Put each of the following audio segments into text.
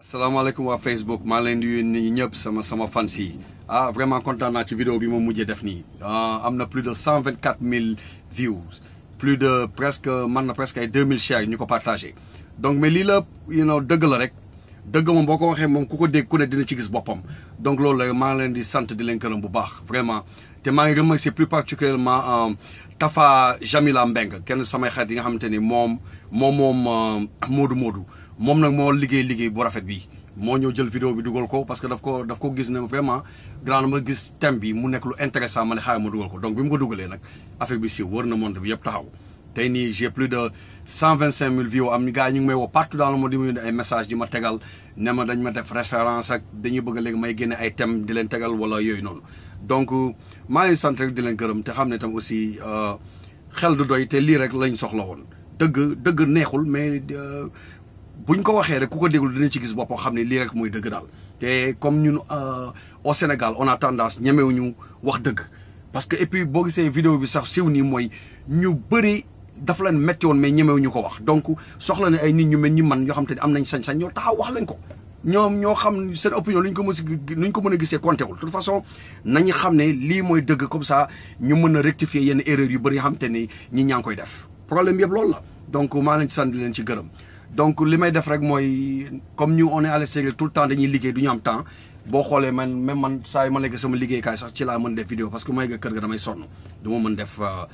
asalaamaaleykum wa Facebook maa leen di ñëpp sama sama fans yi ah vraiment content naa ci vidéo bi mo mujjé def ni. Ah, am plus de 124000 views plus de presque man na presque ay 2000 shares ñu ko donc mais li la you know deug la rek Deug moom boko ko mom moom ku ko dégg ku ne dina ci gis bopam. donc loolu ma maa leen di sante di leen kërëm bu baax vraiment Té ma ngi remercier plus particulièrement euh, Tafa Jamila Mbeng kenn sama xarit yi nga xamanteni mom mom-mom euh, Modou Modou mom nak mo liggey liggey bu rafet bi mo ñëw jël vidéo bi duggal ko parce que daf ko daf ko gis na vraiment grand ma gis thème bi mu nek lu intéressant ma ne xaaral duggal ko donc bi ko nak affaire bi si wër na monde bi yépp taxaw tay ni j'ai plus de 125000 views am ni gaay ñu may wo partout dans le monde di ma ay message di ma tégal né ma dañ ma def référence ak dañu bëgg may ay thème di leen tegal wala yoy non donc ma ngi sant rek di leen gërëm té xamné tam aussi euh, xel du doy te li rek lañ soxla won dëgg dëgg neexul mais euh, bu ñu ko waxee rek ku ko déglu dina ci gis boppam xam ne lii rek mooy dëgg daal te comme ñun euh, au Sénégal on a tendance ñemewuñu wax dëgg parce que et boo gisee vidéo bi sax siw nii mooy ñu bëri dafa leen metti woon mais ñemewuñu ko wax donc soxla na ay nit ñu mel ñi man yoo xam te ni am nañ sañ-sañ ñoo taxaw wax leen ko ñoom ñoo xam seen opinion lu ñu ko mën lu ñu ko mën a gisee compté wul de façon nañu xam ne lii mooy dëgg comme ça ñu mën a rectifier yenn erreur yu bëri yoo ni ñi ñaa ngi koy def problème yëpp loolu la donc ma lañ ci sant leen ci gërëm donc limay def rek moy comme ñu on est à l'extérieur tout le temps dañuy liggéey du ñu am temps bo xolé man même man say ma nekk sama liggéey kay sax ci la mën def vidéo parce que may nga kër ga damay sonn du mën def euh,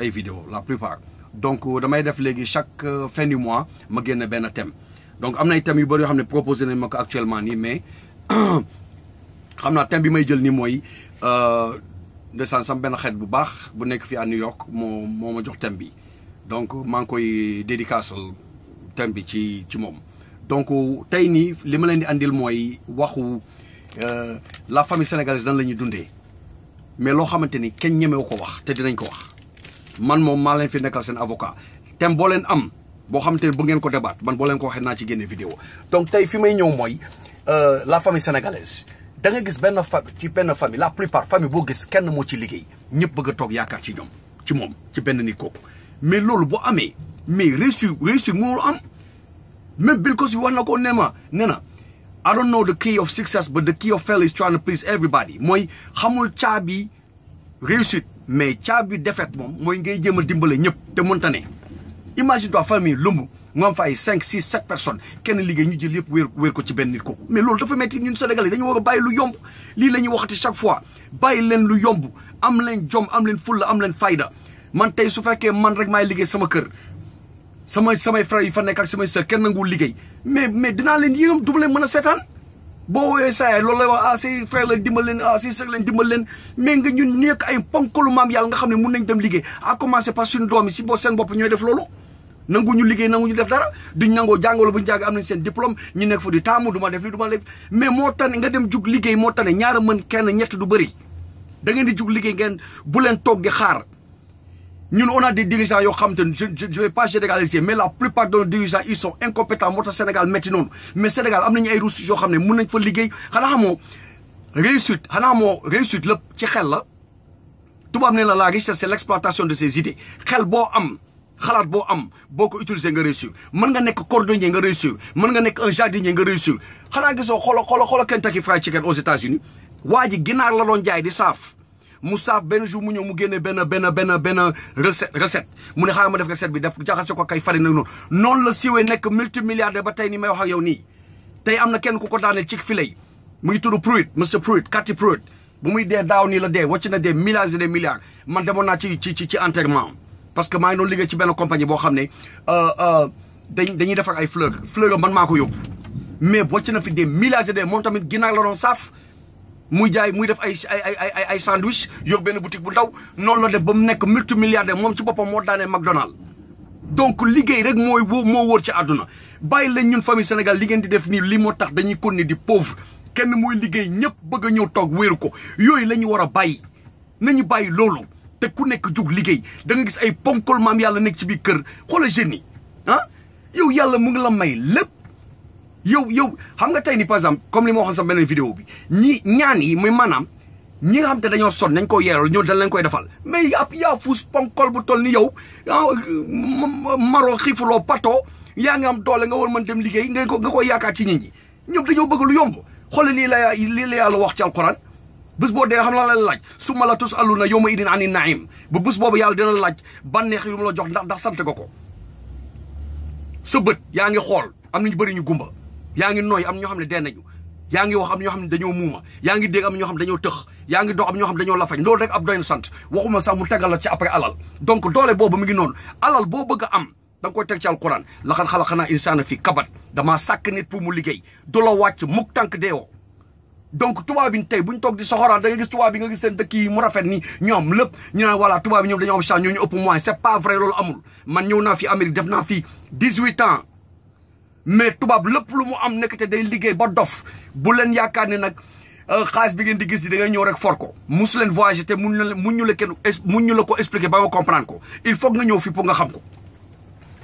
ay vidéo la plupart donc damay def légui chaque euh, fin du mois ma génn ben thème donc amna ay thèmes yu bëri yo xamné ne proposé nañ ma actuellement ni mais xamna thème bi may jël ni nii mooy euh, ndeysaan sam ben xet bu baax bu nek fi à New York mo moo ma jox thème bi donc maa ngi koy dédicacal thème bi ci ci moom donc tey nii li ma leen di andil mooy waxu euh, la famille sénégalaise nan la ñuy dundee mais loo xamante ni kenn ñemewu ko wax te dinañ ko wax man moom maa leen fi nekkal seen avocat thème boo leen am boo xamante ni bu ngeen ko débat man boo leen ko waxee naa ci génne vidéo donc tey fi may ñëw mooy euh, la fami sénégalaise da nga gis benn fa ci benn famille la plupart famille boo gis kenn moo ci liggéey ñëpp bëgg toog yaakaar ci ñoom ci moom ci benn nit Me loolu bo ame, me réussite réussite mënul am Me because you want to go nema ma I don't know the key of success but the key of failure is trying to please everybody mooy xamul chabi, réussite mais chabi défaite mom. mooy ngay jéem a dimbale ñëpp te imagine toi famille family nga am fa ay cinq six sept personnes kenn liggéey ñu jël yëpp wéer wéer ko ci benn nit kooku mais loolu dafa metti ñun Sénégalais dañu war a lu yomb lii la waxati chaque fois bàyyi leen lu yomb am leen jom am leen am leen fayda man tay su fekke man rek semai liggey sama keur sama sama frère yi fa nek ak sama sœur kenn nangul liggey mais mais dina len yeeram du ma leen mën a seetaan boo woowee wax ah say frère la dimbal len ah say sœur lañ dimbal len mais nga ñun nek ay ponkolu mam yalla nga xamné mën nañ dem liggey a commencer par sun doomi yi si boo seen bopp def lolou nangu ñu liggéey nangu ñu def dara duñ nangoo jàngalo buñu jàng am diplôme ñu nekk fa di taamu duma def li duma def mais mo tane nga dem jug liggéey mo tane ñaara mën kenn ñett du bari da ngeen di jug liggéey ngeen bu len tok di xaar ñun on a des dirigeants yoo xam ne je vais pas généraliser mais la plupart de nos dirigeants ils sont incompétents moo au Sénégal maintenant mais Sénégal am nañu ay ressources yoo xam ne mën nañ fa liggéey xanaa xamoo réussite xanaa moo réussite lépp ci xel la tubaab nee na la richesse c'est l'exploitation de ses idées quel bon homme xalaat bo am boko utiliser nga réussir man nga nek cordonnier nga réussir man nga nek un jardinier nga réussir xana gisoo xolo xolo xolo Kentucky Fried Chicken aux États-Unis waji ji ginaar la doon jaay di saf Moussa saaf benn jour mu ñëw mu génne ben ben benn benn recette recette mu ne xaaral ma def recette bi def jaxase ko kay farine non non la siwee nekk multimilliardaire ba tey ni may wax ak yow ni tay amna na kenn ku ko daaneel cig filay muy tudu tudd Pruitt monsieur Pruitt Cathy Pruitt bu muy dé daw ni la dé wàcc na dee milliards et des milliards man demoon naa ci ci ci enterrement parce que may ngi doon ci ben compagnie bo xamné euh euh dañuy defar ay fleurs fleurs man mako yob mais wàcc na fi des milliards et des moom tamit ginnaaw la don saf muy jaay muy def ay ay ay ay sandwich yor benn boutique bu ndaw noonu la def ba mu nekk multimilliardaire moom ci boppam moo daanee McDonald donc liggéey rek mooy wóor moo wóor ci àdduna bàyyi leen ñun famille Sénégal li ngeen di def nii li moo tax dañuy continuer di pauvre kenn mooy liggéey ñëpp bëgg a ñëw toog wéeru ko yooyu la ñu war a bàyyi nañu bàyyi loolu te ku nekk jug liggéey da nga gis ay ponkol maam yàlla nekk ci biir kër xoola jeunes yi ah yow yàlla mu ngi la may lépp Yo yo, xam nga tay ni par exemple comme li mo waxoon sa benen vidéo bi ñi ñaan yi muy manam ñi nga xam te dañoo son nañ ko yeeral ñoo dañ lañ koy defal mais ap ya fous ponkol bu toll ni yow ah, maro xiifuloo pato ya nga am doole nga war ngengko dem liggéey nga ko nga ko yaakaar ci nit ñi ñoom dañoo bëgg lu yomb xol li la li la yalla wax ci alquran bo de xam la la laaj suma la tus idin anin naim bu bés bobu yalla dina laaj bànneex yu mu la jox ndax ndax sante nga ko sa am nañu bari ñu gumba yaa ngi nooy am ñoo xam ne dee nañu yaa ngi wax am ñoo xam ne dañoo muuma yaa ngi dégg am ñoo xam ne dañoo tëx yaa ngi dox am ñoo xam ne dañoo lafañ loolu rek ab doy na sant waxuma sax mu tegal la ci après alal donc doole boobu mu ngi noonu alal boo bëgg a am da nga koy teg ci alquran laxan xalaxanaa insaana fii kabat damaa sàkk nit pour mu liggéey du la wàcc mukk tànk deewoo donc tubaab bi tey bu ñu toog di soxoraan da nga gis tubaab bi nga gis seen dëkk yi mu rafet ni ñoom lépp ñu naan voilà tubaab bi ñoom dañoo am chance ñoo ñu loolu amul man ñëw naa fi Amérique def naa fi 18 ans mais tubaab lepp lu mu am nekk te day liggéey ba dof bu len yakane nak nag euh, bi ngeen di gis di da nga ñëw rek for ko musu leen voyager te muñu la mun ñu la kenn mun la ko expliquer ba nga comprendre ko il faut nga ñëw fi pour nga xam ko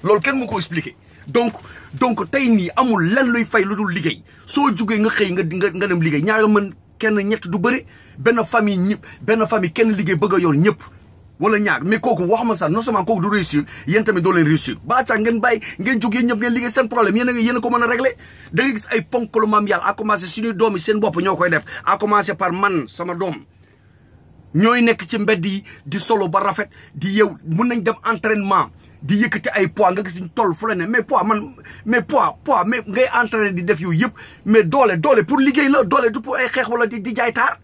loolu kenn mu ko expliquer donc donc tey nii amul len luy fay lu dul liggéey soo jugee nga xey nga nga dem liggéey ñaara man kenn ñett du bari ben famille ñep ben famille kenn liggéey bëgg a ñep wala ñaar mais koku waxuma sa non seulement koku du réussir yeen tamit do leen réussir ba ca ngeen bay ngeen jog yeen ñep ngeen liggé sen problème yeen a yeen a ko mëna a régler da nga gis ay ponkalu mam yalla a commencé suñu doom yi seen bopp def a commencé par man sama dom. ñoy nekk ci mbedd yi di solo ba rafet di yew mën nañ dem entraînement di yëkëti ay poids nga gis ñu toll fu la né mais poids man mais poids poids mais ngay entraîner di def yooyu yëpp mais doole doole pour liggéey la doole du pour ay xex wala di jaay tar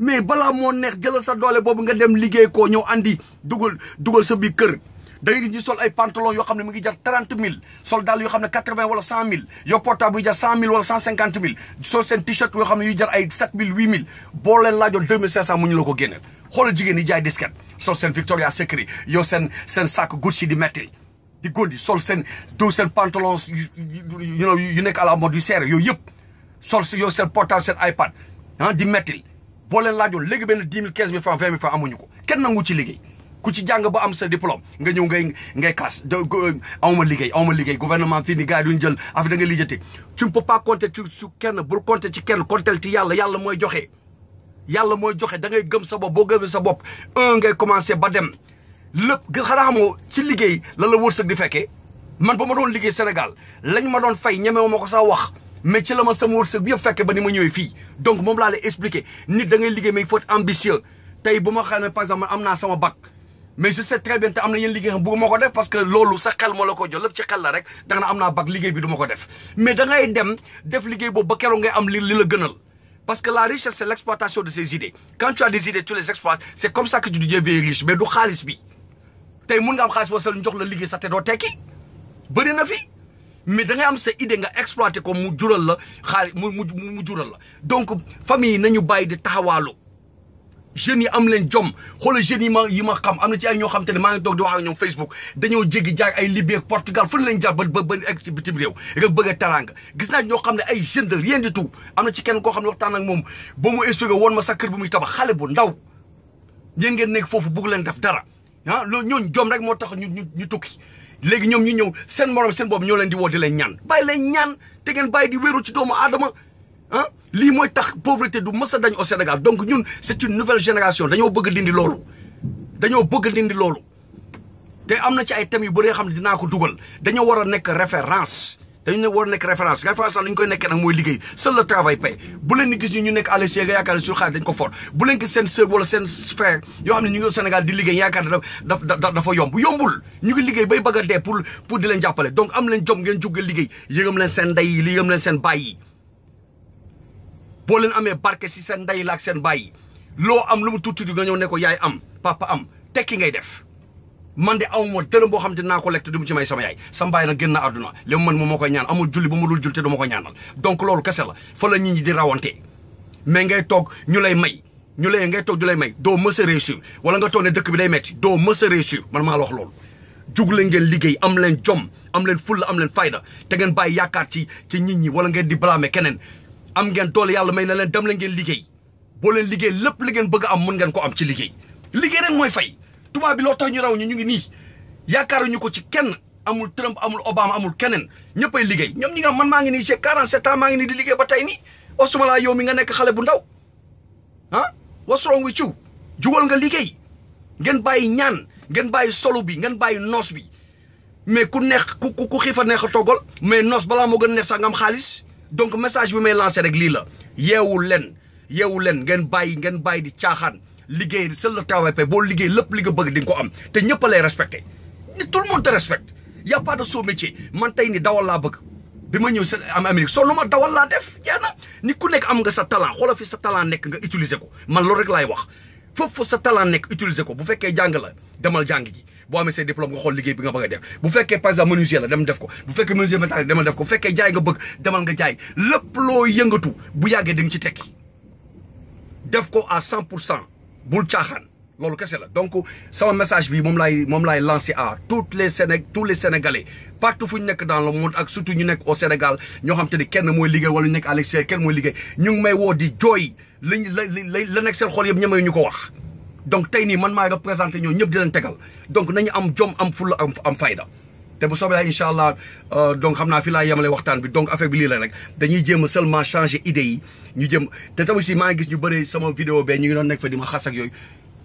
mais bala mo neex jëlal sa doole bobu nga dem liggéey ko ñëw andi dugul dugul sa bi kër da ngay ñu sol ay pantalon yo xamne mu ngi jar 30000 sol dal yo xamne 80 wala 100000 yo portable yu jar 100000 wala 150000 sol sen t-shirt yo xamne yu jar ay 7000 8000 bo mille boo leen laajoon deux mille mu ñu la ko génneel xoolal jigéen yi jaay disket sol sen Victoria Secret yo sen sen sac Gucci di metti di gondi sol sen do sen pantalon know, yu nek à la mode du serre yo yep sol yo sen portable sen iPad ah di metti booleen leen laajoon léegi benn dix mille quinze mille francs vingt mille amuñu ko kenn angu ci liggéey ku ci jàng ba am sa diplôme nga ñëw ngay ngay casse de euh, awma liggéey awma liggéey gouvernement fii ni gars du duñ jël affaire da nga lijjate tu ne ci su kenn bul compter ci kenn compter ci yàlla yàlla mooy joxe. yàlla mooy joxe da ngay gëm sa bopp boo gëmee sa bopp un ngay commencé ba dem lépp xanaa xamoo ci liggéey lan la wërsëg di fekkee man ba ma doon liggéey Sénégal lañ ma doon fay ñemewu ma ko sax wax. mais ci la ma sama wërsëg bi yëpp fekkee ba ni ma ñëwee fi donc mom la lay expliquer nit da ngay liggéey mais il faut ambitieux tay buma ma xam ne par exemple am sama bac mais je sais très bien te amna yeen liggéey bu ma ko def parce que lolu sa xel mo la ko jox ci xel la rek da nga amna bac liggéey bi du ma ko def mais da ngay dem def liggéey bo ba kéro ngay am li la gënal parce que la richesse c'est l'exploitation de ses idées quand tu as des idées tu les exploites c'est comme ça que tu deviens riche mais du xaliss bi tay mun nga am xaliss wa ñu ñox la liggéey sa té do téki bëri na fi mais da am se idée nga exploité ko mu jural la xaalis mu mu mu jural la donc famille yi nañu bàyyi di taxawaalu jeunes yi am leen jom xoolal jeunes yi ma yi ma xam am na ci ay ñoo xam te ne maa ngi toog di wax ak ñoom Facebook dañoo jéggi jaay ay Libye ak Portugal fu leen jaar ba ba ba egg ci bitim réew rek bëgg a gis naa ñoo xam ne ay jeunes de rien du tu am na ci kenn koo xam ne waxtaan ak moom ba mu expliqué woon ma sa kër bu muy tabax xale bu ndaw yéen ngeen nekk foofu bëgg leen def dara ah loolu ñooñu jom rek moo tax ñu ñu tukki. legi ñom ñu ñew seen morom seen bopp ñoo leen di wo di leen ñaan bay leen ñaan te ngeen bay di wëru ci doomu adama ah li moy tax pauvreté du mësa dañ au Sénégal donc ñun c'est une nouvelle génération dañoo bëgg dindi loolu dañoo bëgg dindi loolu te amna ci ay thème yu bëre xamni dina ko duggal dañoo wara nek référence dañu ne war nekk référence référence sax li ñu koy nekkee nag mooy liggéey seul le travail bu leen ni gis ñu ñu nekk à l'échec nga yaakaar ne suñu ko for bu leen gis seen sœur wala seen frère yoo xam ne ñu ngi Sénégal di liggéey yaakaar ne dafa dafa yomb yombul ñu ngi liggéey bay bëgg a dee pour pour di leen jàppale donc am leen jom ngeen jóge liggéey yërëm leen seen ndey yi yërëm leen seen bay yi boo leen amee barke si seen ndey la ak seen baay yi loo am lu mu tuuti nga ñëw ne ko yaay am papa am tekki ngay def man de awma dërëm boo xam dina naa ko lekk te ci may sama yaay sa mbay na genn aduna mu man moom moo ñaan amul julli bu mu dul jul te ko ñaanal donc lolu kese la fa la nit ñi di rawante mais ngay tok ñu lay may ñu lay ngay tok ñu lay may do meuse a réussir wala nga toog ne dëkk bi day metti do meuse a réussir man ma la wax lolu jugle ngeen liggey am leen jom am leen ful am leen fayda te ngeen bay yaakaar ci ci nit ñi wala ngeen di blâmer kenen am ngeen yalla may na leen dem la ngeen liggey bo leen liggey lepp li ngeen bëgg am mën ngeen ko am ci liggey liggey rek moy fay tuba bi lo tax ñu raw ñu ñu ngi nii ko ci kenn amul Trump amul Obama amul kenen ñeppay liggey ñom ñi nga man ma ngi ni ci 47 ans ma ngi ni di liggey ba tay ni osuma la yow mi nga nek xalé bu ndaw ah what's wrong with you juwol nga liggey ngeen bayyi ñaan ngeen bayyi solo bi ngeen bayyi nos bi mais ku neex ku ku xiifa neex a toggal mais nos bala mo gën neex sax ngam xaliss donc message bi may lancer rek li la yewul len yewul len ngeen bayyi ngeen bayyi di caaxaan liggéey seul le travail boo liggéey lépp li nga bëgg di ko am te ñëpp a lay respecté tout le monde te respecte y' a pas de sot métier man tey ni dawal laa bëgg bi ma ñëw seen am Amérique soo ma dawal laa def jeex na ni ku nekk am nga sa talent xoolal fi sa talent nekk nga utiliser ko man loolu rek laay wax foofu sa talent nekk utiliser ko bu fekkee jàng la demal jàng ji boo amee say diplôme nga xool liggéey bi nga bëgg a def bu fekkee par exemple menuisier la dem def ko bu fekkee menuisier métallique def ko bu fekkee nga bëgg demal nga jaay lépp loo yëngatu bu yàggee di nga ci tekki def ko à cent pour cent bul caaxaan loolu kese la donc sama message bi mom lay, mom lay lancé à toutes les Séné tous les sénégalais partout fu ñu dans le monde ak surtout ñu nekk au Sénégal ñoo xam te ni kenn mooy liggéey wala ñu nekk à l'extérieur kenn mooy liggéey ñu ngi may woo di joy, lañ la la nekk seen xol yëpp ñemee ñu wax. donc tay ni, man ma représenté ñoo ñëpp di lan tegal donc nañu am jom am fulla am fayda. te bu soobee incha allah euh, donc xam naa fi laa yemale waxtaan bi donc affaire bi lii la rek dañuy jéem a seulement changer idée yi ñu jëm te tamit si maa gis ñu bëri sama vidéo bee ñu ngi doon nekk fa di ma xas ak yooyu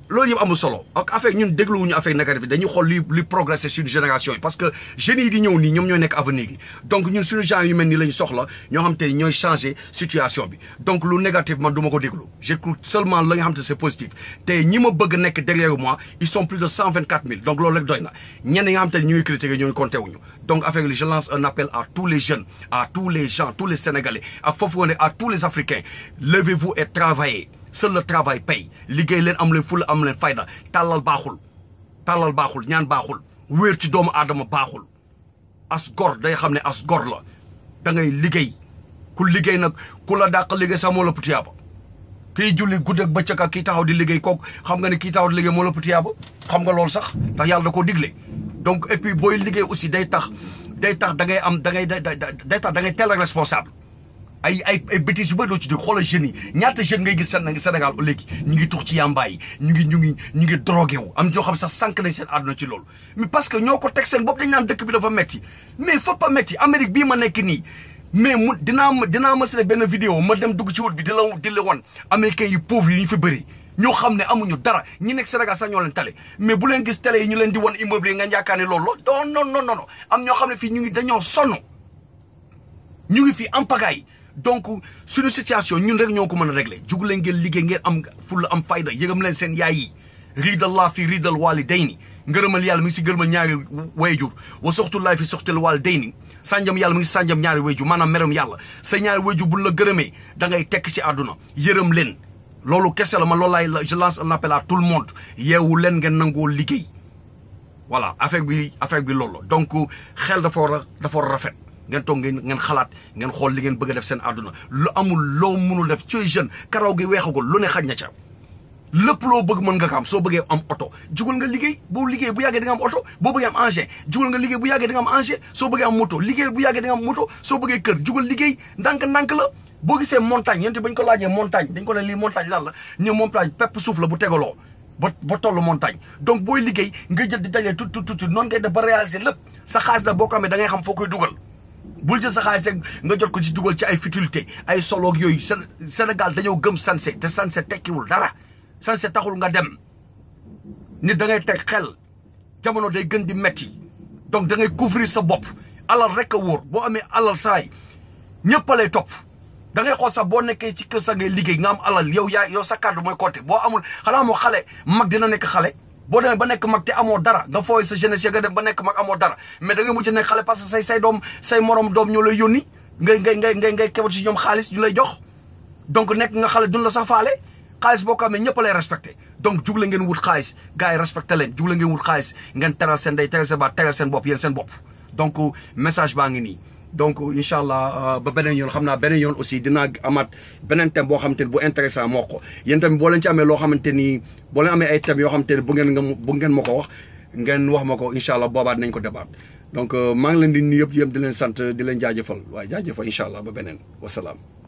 loolu yëpp amul solo ak affaire ñun wuñu affaire négatif dañuy xool Nous luy progresser une génération yi parce que génie di ñëw nii ñoom ñooy nekk avenir donc ñun suñu gens yu mel nii la soxla ñoo xam te ñooy changer situation bi donc lu négatif man du ma ko déglu j'écoute seulement la nga xam te c'est positif te ñi ma bëgg nekk derrière moi ils sont plus de cent vingt donc loolu rek doy na ñenn nga xam te ñu ngi critiquer ñooñu compté wuñu donc affaire je lance un appel à tous les jeunes à tous les gens tous les sénégalais ak foofu à tous les africains levez-vous et travaillez seul le travail paye liguey len am len ful am len fayda talal baxul talal baxul ñaan baxul wër ci doomu adama baxul as gor day xamne as gor la da ngay liguey ku liguey nak ku la dàq liggéey sax moo la putiyaaba kii julli gudd ak bëccëg ak taxaw di liguey kok xam nga ni ki taxaw di liggéey moo la xam nga loolu sax tax yalla da digle donc et puis boy liguey aussi day tax day tax da ngay am da ngay day tax da ngay tel responsable ay ay bêtises yu ci de gens qui yi ñaata Sénégal ñu ngi ci yambaay ngi ñu ngi ngi am ci mais parce que ñoo ko seen bopp dañ naan dëkk bi dafa metti mais fépp metti Amérique bi ma nekk ni mais mu gens qui sont ma vidéo ma dem dugg ci wut bi di la di la yi ñu fi bëri ñu xamné amuñu dara ñi mais bu leen gis télé ñu leen di won immeuble nga am ngi dañoo donc suñu situation ñun rek ñoko mëna régler jug leen ngeen liggéey ngeen am fulla am fayda yërëm leen seen yaay yi riidallah fi riidal waalidayni ngeureumal yalla mi ci si ngërëmal ñaari wayjur wa soxtullah fi soxtal waalidayni sanjam yalla mi ci sanjam ñaari wayjur manam meram yalla sa ñaari wayjur bu la gërëmee da ngay tek ci aduna yëreum leen loolu kese ma man loolu je lance un appel à tout le monde yewu leen ngeen nango liggé voilà affaire bi affaire bi loolu donc xel dafa war a dafa rafet ngeen tok ngeen ngeen xalat ngeen xol li ngeen bëgg def seen aduna lu amul lo mënu def ci jeune karaw gi wéxagul lu ne xaj ca lepp lo bëgg mën nga ko am soo bëggee am auto jugul nga liggéey bo liggéey bu yagge di nga am auto bo bëgge am engin jugul nga liggéey bu yagge di nga am engin so bëgge am moto liggéey bu yagge di nga am moto so bëgge kër jugul liggéey ndànk-ndànk la bo gisé montagne yent bañ ko laajee montagne dañ ko ne li montagne dal la ñu plaaj pep souf la bu tégaloo ba ba toll montagne donc boy liggéey nga jël di dajé tout tout tout non ngay da ba réaliser lepp sa xaalis da boo ko da ngay xam foo koy bul jël sa xaalis nga jot ko ci dugal ci ay futilité ay soloog yooyu Sénégal dañoo gëm sanse te sanse tekkiwul dara sanse taxul nga dem ni da ngay teg xel jamono day gën di metti donc da ngay couvrir sa bopp alal rek a wóor boo amee alal saay ñëpp a lay topp da ngay xool sax boo nekkee ci kër sa liggéey nga am alal yow yaa yow sa kàddu mooy compté boo amul xalaa moo xale mag dina nekk xale boo demee ba nekk mag te amoo dara nga fooy sa jeunesse nga dem ba nekk mag amoo dara mais da ngay mujj nekk xale parce say say doom say morom doom ñoo lay yónni ngay nga ngay ngay ngay kebal si ñoom xaalis ñu lay jox donc nekk nga xale duñ la sax faale xaalis boo ko amee ñëpp lay respecté donc jug ngeen wut xaalis gars yi respecté leen jug la ngeen wut xaalis ngeen teral seen day teral seen baat teral seen bopp yéen seen bopp donc message baa ngi nii donc inshallah allah euh, ba benen yoon xamna benen beneen yoon aussi dina amat benen thème bo xamanteni bu intéressant moko yeen tam bo len ci amé lo xamanteni bo len amé ay thèmes yo xamanteni bu ngeen bu ngeen mako wax ngeen wax mako inshallah incha allah nañ ko débat donc euh, mang ngi leen di nuyu yeb di leen sante di leen jajeufal waaye jajeufal inshallah allah ba beneen wasalaam